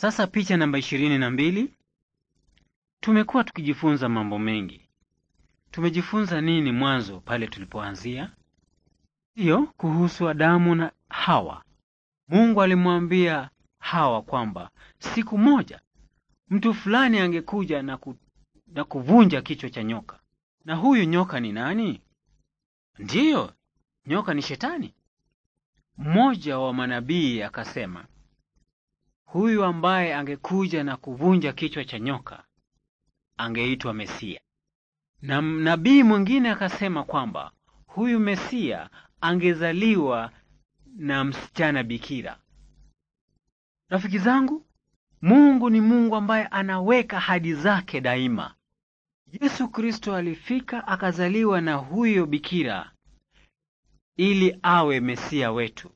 Sasa picha namba ishirini na mbili. Tumekuwa tukijifunza mambo mengi. Tumejifunza nini mwanzo pale tulipoanzia? Ndiyo, kuhusu Adamu na Hawa. Mungu alimwambia Hawa kwamba siku moja mtu fulani angekuja na, ku, na kuvunja kichwa cha nyoka. Na huyu nyoka ni nani? Ndiyo, nyoka ni Shetani. Mmoja wa manabii akasema Huyu ambaye angekuja na kuvunja kichwa cha nyoka angeitwa Mesia. Na nabii mwingine akasema kwamba huyu Mesia angezaliwa na msichana bikira. Rafiki zangu, Mungu ni Mungu ambaye anaweka hadi zake daima. Yesu Kristo alifika akazaliwa na huyo bikira ili awe Mesia wetu.